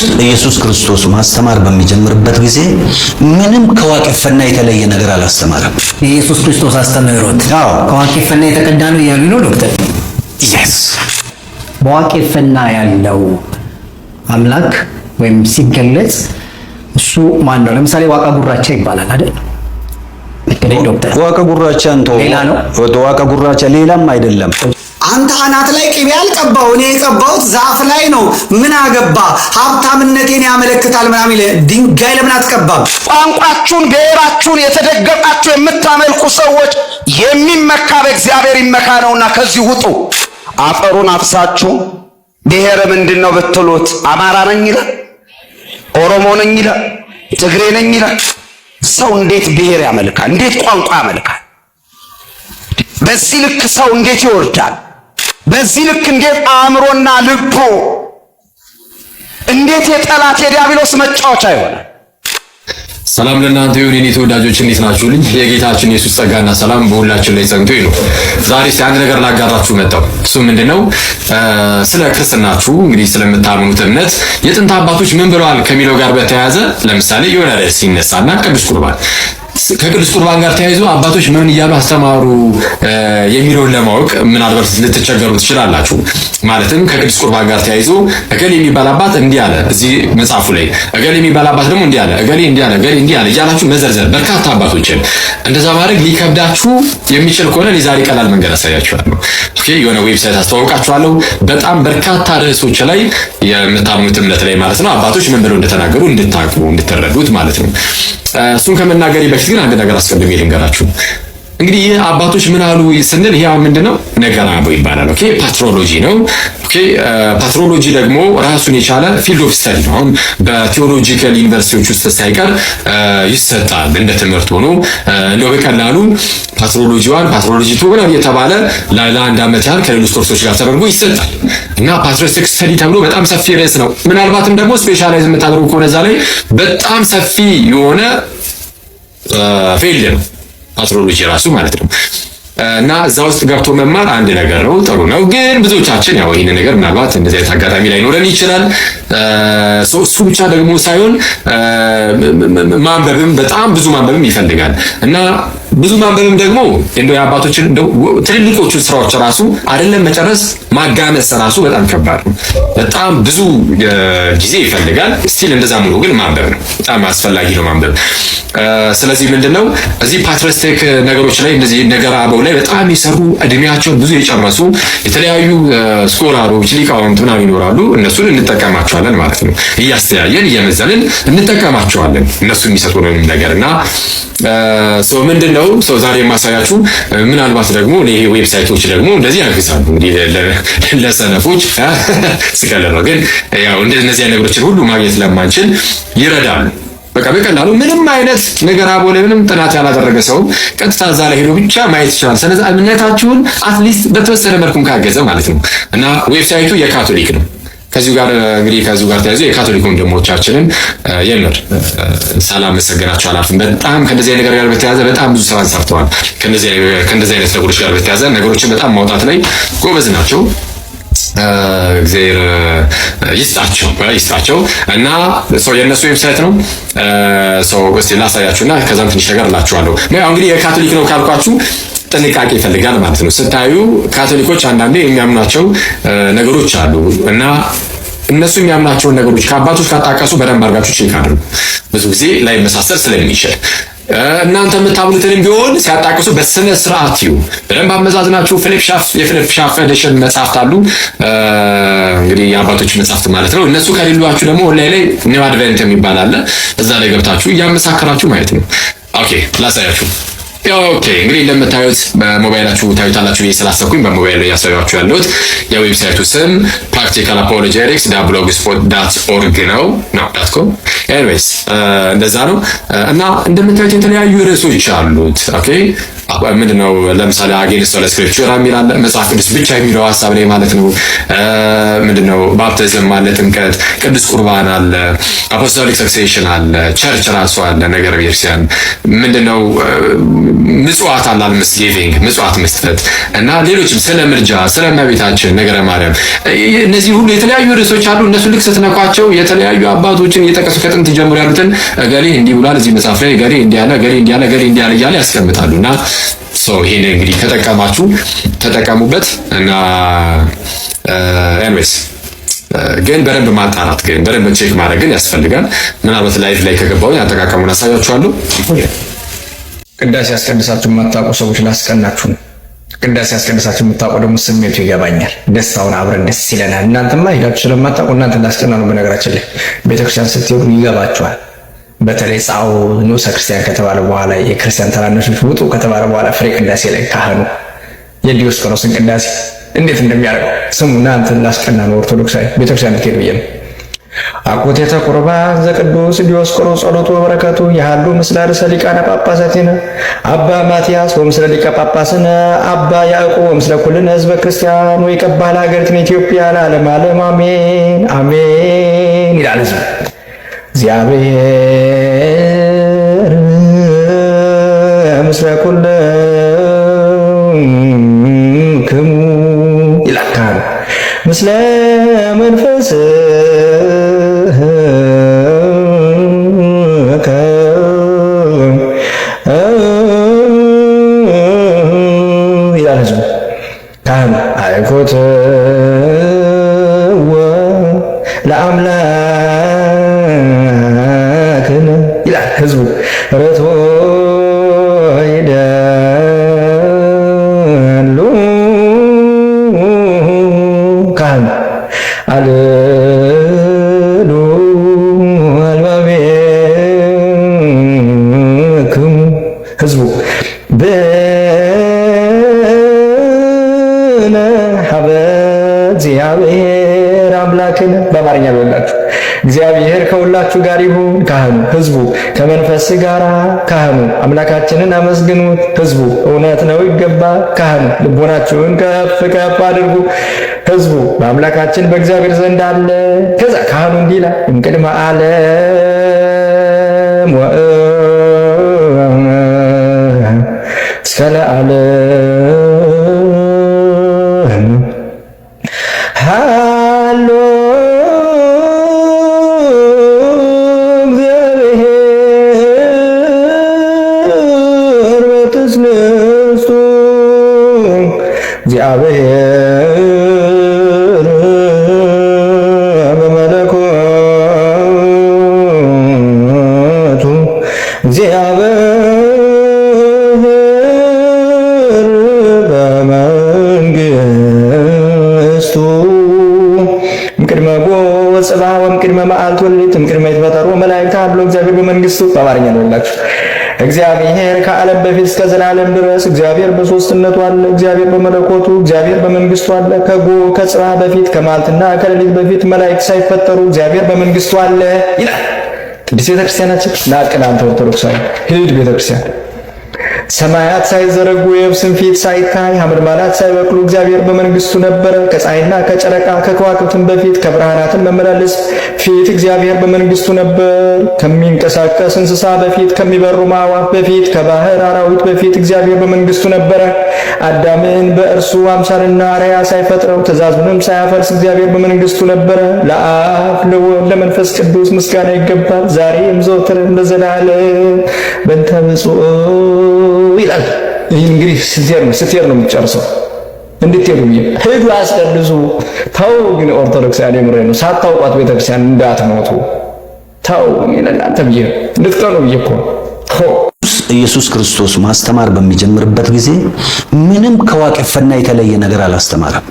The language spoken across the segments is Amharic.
ስለ ኢየሱስ ክርስቶስ ማስተማር በሚጀምርበት ጊዜ ምንም ከዋቄፈና የተለየ ነገር አላስተማረም። የኢየሱስ ክርስቶስ አስተምህሮት ከዋቄፈና የተቀዳ ነው እያሉ ነው ዶክተር። ኢየስ በዋቄፈና ያለው አምላክ ወይም ሲገለጽ እሱ ማን ነው? ለምሳሌ ዋቃ ጉራቻ ይባላል አይደል? ዋቀ ጉራቻ እንተው ሌላ ነው። ዋቀ ጉራቻ ሌላም አይደለም። አንተ አናት ላይ ቅቤ አልቀባው፣ እኔ የቀባሁት ዛፍ ላይ ነው። ምን አገባ? ሀብታምነቴን ያመለክታል ምናምን ይለ ድንጋይ ለምን አትቀባም? ቋንቋችሁን፣ ብሔራችሁን የተደገፋችሁ የምታመልኩ ሰዎች የሚመካ በእግዚአብሔር ይመካ ነውና ከዚህ ውጡ። አፈሩን አፍሳችሁ ብሔር ምንድን ነው ብትሉት አማራ ነኝ ይላል፣ ኦሮሞ ነኝ ይላል፣ ትግሬ ነኝ ይላል። ሰው እንዴት ብሔር ያመልካል? እንዴት ቋንቋ ያመልካል? በዚህ ልክ ሰው እንዴት ይወርዳል? በዚህ ልክ እንዴት አእምሮና ልቦ እንዴት የጠላት የዲያብሎስ መጫወቻ ይሆናል። ሰላም ለእናንተ ይሁን የኔ ተወዳጆች፣ እንዴት ልጅ የጌታችን የሱስ ጸጋና ሰላም በሁላችን ላይ ጸንቶ ይሉ። ዛሬ እስቲ አንድ ነገር ላጋራችሁ መጣሁ። እሱ ምንድነው? ስለ ክርስትናችሁ እንግዲህ ስለምታምኑት እምነት የጥንት አባቶች ምን ብለዋል ከሚለው ጋር በተያያዘ ለምሳሌ የሆነ ርዕስ ይነሳና ቅዱስ ቁርባን ከቅዱስ ቁርባን ጋር ተያይዞ አባቶች ምን እያሉ አስተማሩ የሚለውን ለማወቅ ምናልባት ልትቸገሩ ትችላላችሁ። ማለትም ከቅዱስ ቁርባን ጋር ተያይዞ እገሌ የሚባል አባት እንዲህ አለ፣ እዚህ መጽሐፉ ላይ እገሌ የሚባል አባት ደግሞ እንዲህ አለ፣ እገሌ እንዲህ አለ፣ እገሌ እንዲህ አለ እያላችሁ መዘርዘር በርካታ አባቶችን እንደዛ ማድረግ ሊከብዳችሁ የሚችል ከሆነ ዛሬ ቀላል መንገድ አሳያችኋለሁ። ኦኬ፣ የሆነ ዌብሳይት አስተዋውቃችኋለሁ። በጣም በርካታ ርዕሶች ላይ የምታምኑት እምነት ላይ ማለት ነው አባቶች ምን ብለው እንደተናገሩ እንድታውቁ እንድትረዱት ማለት ነው። እሱን ከመናገሬ በፊት በፊት ግን አንድ ነገር አስፈልገ ልንገራችሁ። እንግዲህ ይህ አባቶች ምን አሉ ስንል ይሄ አሁን ምንድነው ነገራቦ ይባላል። ኦኬ ፓትሮሎጂ ነው። ኦኬ ፓትሮሎጂ ደግሞ ራሱን የቻለ ፊልድ ኦፍ ስተዲ ነው። አሁን በቴዎሎጂካል ዩኒቨርሲቲዎች ውስጥ ሳይቀር ይሰጣል እንደ ትምህርት ሆኖ እንደው በቀላሉ ፓትሮሎጂ ዋን ፓትሮሎጂ ቱ ምናምን የተባለ ለአንድ ዓመት ያህል ከሌሎች ኮርሶች ጋር ተደርጎ ይሰጣል እና ፓትሪስቲክ ስተዲ ተብሎ በጣም ሰፊ ርዕስ ነው። ምናልባትም ደግሞ ስፔሻላይዝ የምታደርጉ ከሆነ እዛ ላይ በጣም ሰፊ የሆነ ፌልድ ነው አስትሮሎጂ ራሱ ማለት ነው። እና እዛ ውስጥ ገብቶ መማር አንድ ነገር ነው፣ ጥሩ ነው። ግን ብዙዎቻችን ያው ይህን ነገር ምናልባት እንደዚህ አይነት አጋጣሚ ላይኖረን ይችላል። እሱ ብቻ ደግሞ ሳይሆን ማንበብም በጣም ብዙ ማንበብም ይፈልጋል እና ብዙ ማንበብም ደግሞ እንደው የአባቶችን እንደው ትልልቆቹ ስራዎች ራሱ አይደለም መጨረስ ማጋመስ ራሱ በጣም ከባድ ነው። በጣም ብዙ ጊዜ ይፈልጋል። ስቲል እንደዛ ሙሉ ግን ማንበብ ነው፣ በጣም አስፈላጊ ነው ማንበብ። ስለዚህ ምንድነው እዚህ ፓትሪስቲክ ነገሮች ላይ እንደዚህ ነገር አበው ላይ በጣም የሰሩ እድሜያቸውን ብዙ የጨረሱ የተለያዩ ስኮላሮች ሊቃውንት ምናምን ይኖራሉ። እነሱን እንጠቀማቸዋለን ማለት ነው። እያስተያየን እየመዘንን እንጠቀማቸዋለን እነሱ የሚሰጡንን ነገርና ምንድን ሌላው ሰው ዛሬ የማሳያችሁ ምናልባት ደግሞ ይሄ ዌብሳይቶች ደግሞ እንደዚህ ያግዛሉ። እንግዲህ ለሰነፎች ስቀለበ ግን ያው እንደነዚህ አይነት ነገሮችን ሁሉ ማግኘት ለማንችል ይረዳሉ። በቃ በቀላሉ ምንም አይነት ነገር አቦለ ምንም ጥናት ያላደረገ ሰውም ቀጥታ እዛ ላይ ሄዶ ብቻ ማየት ይችላል። ስለዚህ እምነታችሁን አትሊስት በተወሰነ መልኩም ካገዘ ማለት ነው እና ዌብሳይቱ የካቶሊክ ነው። ከዚሁ ጋር እንግዲህ ከዚሁ ጋር ተያይዞ የካቶሊክ ወንድሞቻችንን የምር ሳላመሰግናቸው አላፍ በጣም ከእንደዚህ አይነት ነገር ጋር በተያያዘ በጣም ብዙ ስራን ሰርተዋል። ከእንደዚህ አይነት ነገሮች ጋር በተያያዘ ነገሮችን በጣም ማውጣት ላይ ጎበዝ ናቸው። እግዚአብሔር ይስጣቸው ይስጣቸው እና የእነሱ ዌብሳይት ነው። እስኪ ላሳያችሁ እና ከዛም ትንሽ ነገር እላችኋለሁ። እንግዲህ የካቶሊክ ነው ካልኳችሁ ጥንቃቄ ይፈልጋል ማለት ነው። ስታዩ ካቶሊኮች አንዳንዴ የሚያምኗቸው ነገሮች አሉ እና እነሱ የሚያምናቸውን ነገሮች ከአባቶች ካጣቀሱ በደንብ አድርጋችሁ ቼክ አድርጉ። ብዙ ጊዜ ላይመሳሰል ስለሚችል እናንተ የምታምኑትንም ቢሆን ሲያጣቅሱ በስነ ስርዓት ይሁ በደንብ አመዛዝናችሁ። የፊሊፕ ሻፍ ኤዲሽን መጽሐፍት አሉ እንግዲህ የአባቶች መጽሐፍት ማለት ነው። እነሱ ከሌሏችሁ ደግሞ ኦንላይን ላይ ኒው አድቨንት የሚባል አለ። እዛ ላይ ገብታችሁ እያመሳከራችሁ ማየት ነው። ኦኬ ላሳያችሁ። ያው ኦኬ እንግዲህ እንደምታዩት በሞባይላችሁ ታዩታላችሁ ብዬ ስላሰብኩኝ በሞባይል ላይ ያሳያችሁ ያሉት የዌብሳይቱ ስም ፕራክቲካል አፖሎጀቲክስ ብሎግስፖት ዳት ኦርግ ነው ነው ዳት ኮም ኤኒዌይስ እንደዛ ነው እና እንደምታዩት የተለያዩ ርዕሶች አሉት። ኦኬ ምንድነው ለምሳሌ አጌንስት ኦል ስክሪፕቸር የሚል አለ መጽሐፍ ቅዱስ ብቻ የሚለው ሀሳብ ላይ ማለት ነው። ምንድነው ባፕቲዝም አለ፣ ጥምቀት፣ ቅዱስ ቁርባን አለ፣ አፖስቶሊክ ሰክሴሽን አለ፣ ቸርች ራሱ አለ፣ ነገር ቤርሲያን ምንድነው ምጽዋት አላል ጊቪንግ ምጽዋት መስጠት እና ሌሎችም ስለ ምልጃ፣ ስለ እመቤታችን ነገረ ማርያም እነዚህ ሁሉ የተለያዩ ርዕሶች አሉ። እነሱ ልክ ስትነኳቸው የተለያዩ አባቶችን እየጠቀሱ ከጥንት ጀምሮ ያሉትን እገሌ እንዲህ ብሏል እዚህ መጽሐፍ ላይ እገሌ እንዲህ ያለ እገሌ እንዲህ ያለ እገሌ እንዲህ ያለ እያለ ያስቀምጣሉ እና ሰው ይሄን እንግዲህ ተጠቀማችሁ ተጠቀሙበት እና ኤንዌይስ ግን በደንብ ማጣራት ግን በደንብ ቼክ ማድረግ ግን ያስፈልጋል። ምናልባት ላይፍ ላይ ከገባሁኝ አጠቃቀሙን አሳያችኋለሁ። ቅዳሴ ያስቀድሳችሁ የማታውቁ ሰዎች ላስቀናችሁ ነው። ቅዳሴ ያስቀድሳችሁ የምታውቁ ደግሞ ስሜቱ ይገባኛል። ደስታውን አብረን ደስ ይለናል። እናንተማ ሄዳችሁ ስለማታውቁ እናንተ ላስቀና ነው። በነገራችን ላይ ቤተክርስቲያን ስትሄዱ ይገባችኋል። በተለይ ጻው ንዑሰ ክርስቲያን ከተባለ በኋላ የክርስቲያን ታናናሾች ውጡ ከተባለ በኋላ ፍሬ ቅዳሴ ላይ ካህኑ የዲዮስቆሮስን ቅዳሴ እንዴት እንደሚያደርገው ስሙ። እናንተ ላስቀና ነው። ኦርቶዶክሳዊ ቤተክርስቲያን ልትሄዱ ብዬ ነው። አኩቴተ ቁርባን ዘቅዱስ ዲዮስቆሮስ ጸሎቱ በረከቱ የሃሉ ምስለ ርእሰ ሊቃነ ጳጳሳትነ አባ ማትያስ ወምስለ ሊቀ ጳጳስነ አባ ያዕቆብ ወምስለ ኩልነ ህዝበ ክርስቲያን ወይቀባህ ለሀገሪቱን ኢትዮጵያ ለዓለም ዓለም አሜን አሜን ይላል ህዝብ እግዚአብሔር ምስለ ኩለ ክሙ ይላል ምስለ መንፈስ ለአምላክ እግዚአብሔር አምላክን በአማርኛ በላችሁ እግዚአብሔር ከሁላችሁ ጋር ይሁን። ካህኑ ህዝቡ ከመንፈስ ጋር ካህኑ አምላካችንን አመስግኑት። ህዝቡ እውነት ነው ይገባ ካህኑ ልቦናችሁን ከፍ ከፍ አድርጉ። ህዝቡ በአምላካችን በእግዚአብሔር ዘንድ አለ። ከዛ ካህኑ እንዲህ ይላል እምቅድመ ዓለም ወእስከ ለዓለም Hello. ወሰብአ ወእምቅድመ መዓልቱ ወሌሊቱ እምቅድመ ይትፈጠሩ መላእክተ ሀሎ እግዚአብሔር በመንግስቱ በአማርኛ ነው ላችሁ እግዚአብሔር ከዓለም በፊት እስከ ዘላለም ድረስ እግዚአብሔር በሶስትነቱ አለ። እግዚአብሔር በመለኮቱ እግዚአብሔር በመንግስቱ አለ። ከጎ ከጽባ በፊት ከማልትና ከሌሊት በፊት መላእክት ሳይፈጠሩ እግዚአብሔር በመንግስቱ አለ ይላል ቅዱስ ቤተክርስቲያናችን ናቅናንተ ኦርቶዶክሳዊ ሂድ ቤተክርስቲያን ሰማያት ሳይዘረጉ የብስን ፊት ሳይታይ ሐመልማላት ሳይበቅሉ እግዚአብሔር በመንግስቱ ነበረ። ከፀሐይና ከጨረቃ ከከዋክብትን በፊት ከብርሃናትን መመላለስ ፊት እግዚአብሔር በመንግስቱ ነበር። ከሚንቀሳቀስ እንስሳ በፊት፣ ከሚበሩ ማዕዋፍ በፊት፣ ከባህር አራዊት በፊት እግዚአብሔር በመንግስቱ ነበረ። አዳምን በእርሱ አምሳልና አርአያ ሳይፈጥረው ትእዛዙንም ሳያፈርስ እግዚአብሔር በመንግስቱ ነበረ። ለአብ ለወልድ ለመንፈስ ቅዱስ ምስጋና ይገባል፣ ዛሬም ዘወትርም ለዘላለም በእንተ ብፁዕ ይላል። ይህ እንግዲህ ስትሄድ ነው ስትሄድ ነው የሚጨርሰው እንድትሄዱ ብዬ ሂዱ፣ አስቀድሱ፣ ተው። ግን ኦርቶዶክሳውያን የምሬ ነው፣ ሳታውቋት ቤተክርስቲያን እንዳትሞቱ ተው። ለእናንተ ብዬ እንድትቀኑ ብዬ እኮ ኢየሱስ ክርስቶስ ማስተማር በሚጀምርበት ጊዜ ምንም ከዋቄ ፈና የተለየ ነገር አላስተማረም።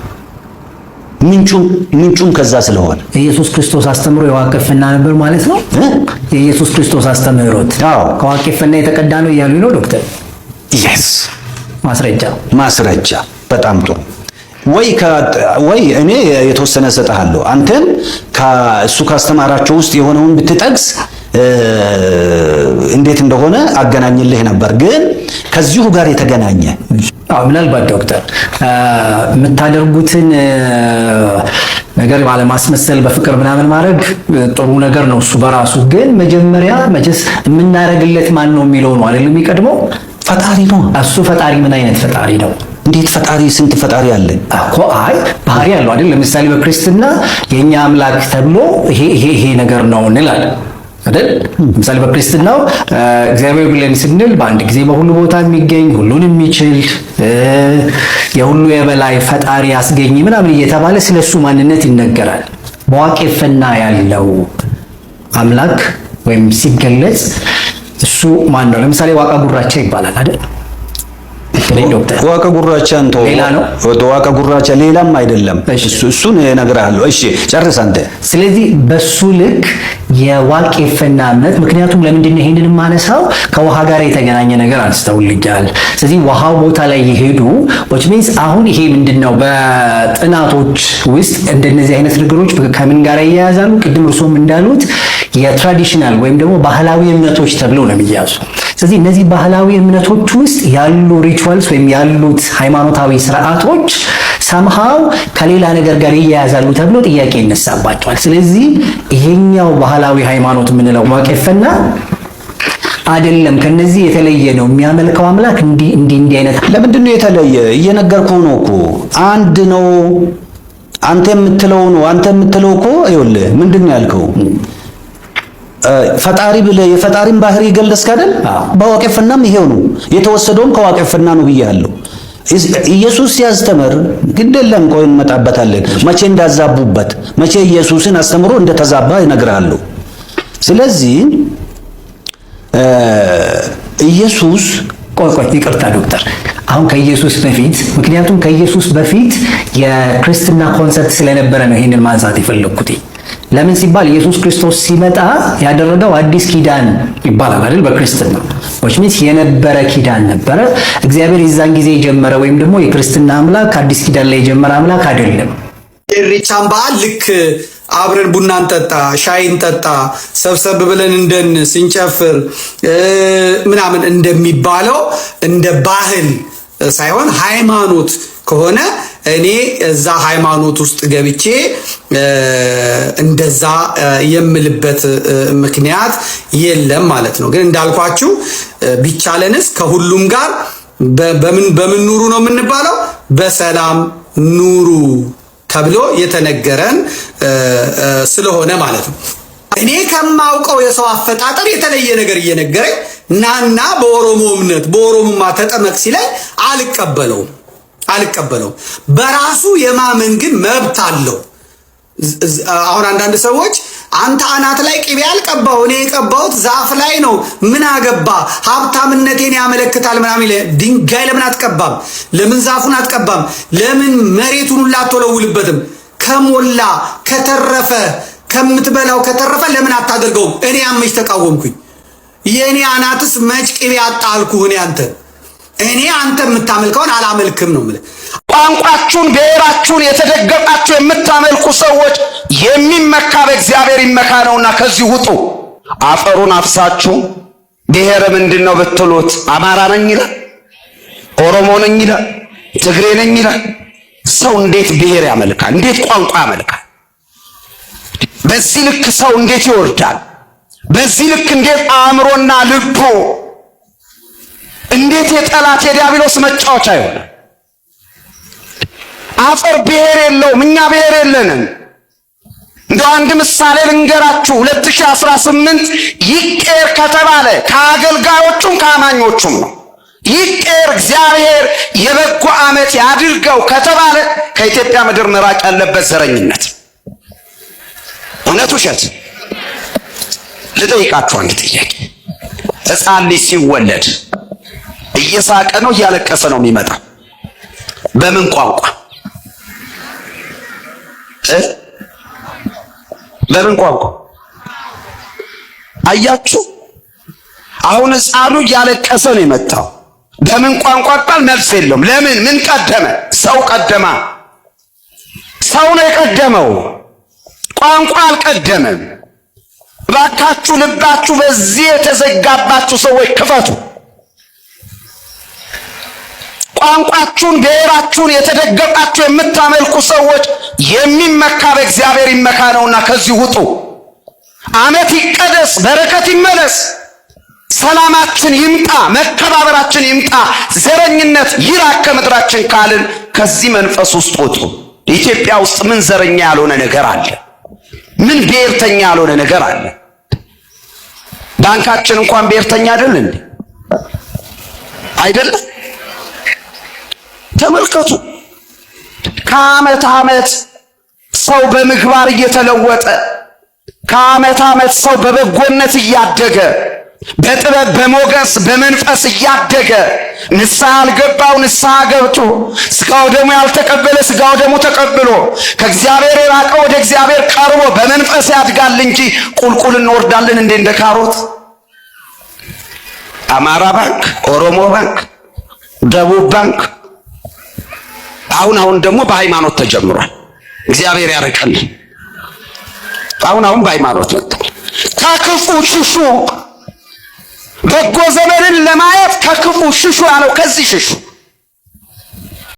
ምንጩም ከዛ ስለሆነ ኢየሱስ ክርስቶስ አስተምሮ የዋቄ ፈና ነበር ማለት ነው። የኢየሱስ ክርስቶስ አስተምህሮት ከዋቄ ፈና የተቀዳ ነው እያሉ ነው ዶክተር። ማስረጃ ማስረጃ በጣም ጥሩ። ወይ እኔ የተወሰነ እሰጥሃለሁ፣ አንተም እሱ ካስተማራቸው ውስጥ የሆነውን ብትጠቅስ እንዴት እንደሆነ አገናኝልህ ነበር፣ ግን ከዚሁ ጋር የተገናኘ አዎ። ምናልባት ዶክተር የምታደርጉትን ነገር ባለማስመሰል በፍቅር ምናምን ማድረግ ጥሩ ነገር ነው እሱ በራሱ ግን መጀመሪያ መቼስ የምናደርግለት ማን ነው የሚለው ነው አይደል የሚቀድመው ፈጣሪ ነው። እሱ ፈጣሪ ምን አይነት ፈጣሪ ነው? እንዴት ፈጣሪ ስንት ፈጣሪ አለ እኮ። አይ ባህሪ ያለው አይደል? ለምሳሌ በክርስትና የእኛ አምላክ ተብሎ ይሄ ይሄ ነገር ነው እንላለን አይደል? ለምሳሌ በክርስትናው እግዚአብሔር ብለን ስንል በአንድ ጊዜ በሁሉ ቦታ የሚገኝ ሁሉን የሚችል የሁሉ የበላይ ፈጣሪ ያስገኝ ምናምን እየተባለ ስለሱ ማንነት ይነገራል። በዋቄፈና ያለው አምላክ ወይም ሲገለጽ እሱ ማን ነው? ለምሳሌ ዋቃ ጉራቻ ይባላል አይደል? አይመስለኝ ዋቀ ጉራቻን ተው፣ ሌላ ነው። ዋቀ ጉራቻ ሌላም አይደለም። እሱን እነግርሃለሁ። እሺ ጨርስ አንተ። ስለዚህ በሱ ልክ የዋቄፈና እምነት ምክንያቱም ለምንድን ነው ይሄንን የማነሳው? ከውሃ ጋር የተገናኘ ነገር አንስተውልኛል። ስለዚህ ውሃው ቦታ ላይ የሄዱ ዊች ሚንስ አሁን ይሄ ምንድን ነው በጥናቶች ውስጥ እንደነዚህ አይነት ነገሮች ከምን ጋር ይያያዛሉ? ቅድም እርሶም እንዳሉት የትራዲሽናል ወይም ደግሞ ባህላዊ እምነቶች ተብለው ነው የሚያዙ ስለዚህ እነዚህ ባህላዊ እምነቶች ውስጥ ያሉ ሪቹዋልስ ወይም ያሉት ሃይማኖታዊ ስርዓቶች ሰምሃው ከሌላ ነገር ጋር ይያያዛሉ ተብሎ ጥያቄ ይነሳባቸዋል። ስለዚህ ይሄኛው ባህላዊ ሃይማኖት የምንለው ዋቄፈና አይደለም ከነዚህ የተለየ ነው። የሚያመልከው አምላክ እንዲህ እንዲህ እንዲህ አይነት ለምንድን ነው የተለየ? እየነገርኩህ ነው እኮ አንድ ነው። አንተ የምትለው ነው። አንተ የምትለው እኮ ይኸውልህ ምንድን ነው ያልከው? ፈጣሪ ብለ የፈጣሪን ባህሪ ገለጽክ አይደል? በዋቄፈናም ይሄው ነው የተወሰደውም ከዋቄፈና ነው ብያለሁ። ኢየሱስ ሲያስተምር ግደለም የለም ቆይ እንመጣበታለን። መቼ እንዳዛቡበት መቼ ኢየሱስን አስተምሮ እንደተዛባ ይነግራሉ። ስለዚህ ኢየሱስ ቆይ ቆይ ይቅርታ ዶክተር አሁን ከኢየሱስ በፊት ምክንያቱም ከኢየሱስ በፊት የክርስትና ኮንሰርት ስለነበረ ነው ይህንን ማንሳት የፈለግኩት ለምን ሲባል ኢየሱስ ክርስቶስ ሲመጣ ያደረገው አዲስ ኪዳን ይባላል አይደል? በክርስትና which means የነበረ ኪዳን ነበረ። እግዚአብሔር የዛን ጊዜ የጀመረ ወይም ደግሞ የክርስትና አምላክ አዲስ ኪዳን ላይ የጀመረ አምላክ አይደለም። የኢሬቻን በዓል ልክ አብረን ቡና እንጠጣ፣ ሻይ እንጠጣ፣ ሰብሰብ ብለን እንደን ስንጨፍር ምናምን እንደሚባለው እንደ ባህል ሳይሆን ሃይማኖት ከሆነ እኔ እዛ ሃይማኖት ውስጥ ገብቼ እንደዛ የምልበት ምክንያት የለም ማለት ነው። ግን እንዳልኳችሁ ቢቻለንስ ከሁሉም ጋር በምን በምን ኑሩ ነው የምንባለው? በሰላም ኑሩ ተብሎ የተነገረን ስለሆነ ማለት ነው። እኔ ከማውቀው የሰው አፈጣጠር የተለየ ነገር እየነገረኝ ናና በኦሮሞ እምነት በኦሮሞማ ተጠመቅ ሲለኝ አልቀበለውም። አልቀበለው በራሱ የማመን ግን መብት አለው። አሁን አንዳንድ ሰዎች አንተ አናት ላይ ቅቤ አልቀባው፣ እኔ የቀባሁት ዛፍ ላይ ነው፣ ምን አገባ፣ ሀብታምነቴን ያመለክታል ምናምን። ድንጋይ ለምን አትቀባም? ለምን ዛፉን አትቀባም? ለምን መሬቱን ሁላ አትወለውልበትም? ከሞላ ከተረፈ ከምትበላው ከተረፈ ለምን አታደርገውም? እኔ አመች ተቃወምኩኝ። የእኔ አናትስ መች ቅቤ አጣልኩህ? እኔ አንተ እኔ አንተ የምታመልከውን አላመልክም ነው የምልህ። ቋንቋችሁን፣ ብሔራችሁን የተደገፋችሁ የምታመልኩ ሰዎች የሚመካ በእግዚአብሔር ይመካ ነውና ከዚህ ውጡ። አፈሩን አፍሳችሁ ብሔር ምንድን ነው ብትሉት አማራ ነኝ ይላል፣ ኦሮሞ ነኝ ይላል፣ ትግሬ ነኝ ይላል። ሰው እንዴት ብሔር ያመልካል? እንዴት ቋንቋ ያመልካል? በዚህ ልክ ሰው እንዴት ይወርዳል? በዚህ ልክ እንዴት አእምሮና ልቦ እንዴት የጠላት የዲያብሎስ መጫወቻ ይሆነ? አፈር ብሔር የለውም። እኛ ብሔር የለንም። እንደው አንድ ምሳሌ ልንገራችሁ። 2018 ይቄር ከተባለ ከአገልጋዮቹም ከአማኞቹም ነው። ይቀር እግዚአብሔር የበጎ ዓመት ያድርገው ከተባለ ከኢትዮጵያ ምድር መራቅ ያለበት ዘረኝነት፣ እውነት፣ ውሸት። ልጠይቃችሁ አንድ ጥያቄ፣ ሕፃን ልጅ ሲወለድ እየሳቀ ነው እያለቀሰ ነው የሚመጣው። በምን ቋንቋ በምን ቋንቋ አያችሁ? አሁን ህፃኑ እያለቀሰ ነው የመጣው። በምን ቋንቋ ቃል መልስ የለውም። ለምን ምን ቀደመ? ሰው ቀደማ። ሰው ነው የቀደመው፣ ቋንቋ አልቀደመም። እባካችሁ ልባችሁ በዚህ የተዘጋባችሁ ሰዎች ክፈቱ። ቋንቋችሁን፣ ብሔራችሁን የተደገፋችሁ የምታመልኩ ሰዎች የሚመካ በእግዚአብሔር ይመካ ነውና ከዚህ ውጡ። ዓመት ይቀደስ፣ በረከት ይመለስ፣ ሰላማችን ይምጣ፣ መከባበራችን ይምጣ፣ ዘረኝነት ይራቅ ከምድራችን ካልን ከዚህ መንፈስ ውስጥ ውጡ። ኢትዮጵያ ውስጥ ምን ዘረኛ ያልሆነ ነገር አለ? ምን ብሔርተኛ ያልሆነ ነገር አለ? ባንካችን እንኳን ብሔርተኛ አይደል እንዴ? አይደለም። ተመልከቱ። ከዓመት ዓመት ሰው በምግባር እየተለወጠ ከዓመት ዓመት ሰው በበጎነት እያደገ በጥበብ በሞገስ በመንፈስ እያደገ ንስሐ ያልገባው ንስሐ ገብቶ ስጋው ደሙ ያልተቀበለ ስጋው ደሙ ተቀብሎ ከእግዚአብሔር የራቀ ወደ እግዚአብሔር ቀርቦ በመንፈስ ያድጋል እንጂ ቁልቁል እንወርዳለን እንዴ እንደ ካሮት። አማራ ባንክ፣ ኦሮሞ ባንክ፣ ደቡብ ባንክ አሁን አሁን ደግሞ በሃይማኖት ተጀምሯል። እግዚአብሔር ያርቀልን። አሁን አሁን በሃይማኖት መጥቷል። ከክፉ ሽሹ፣ በጎ ዘመንን ለማየት ከክፉ ሽሹ ያለው ከዚህ ሽሹ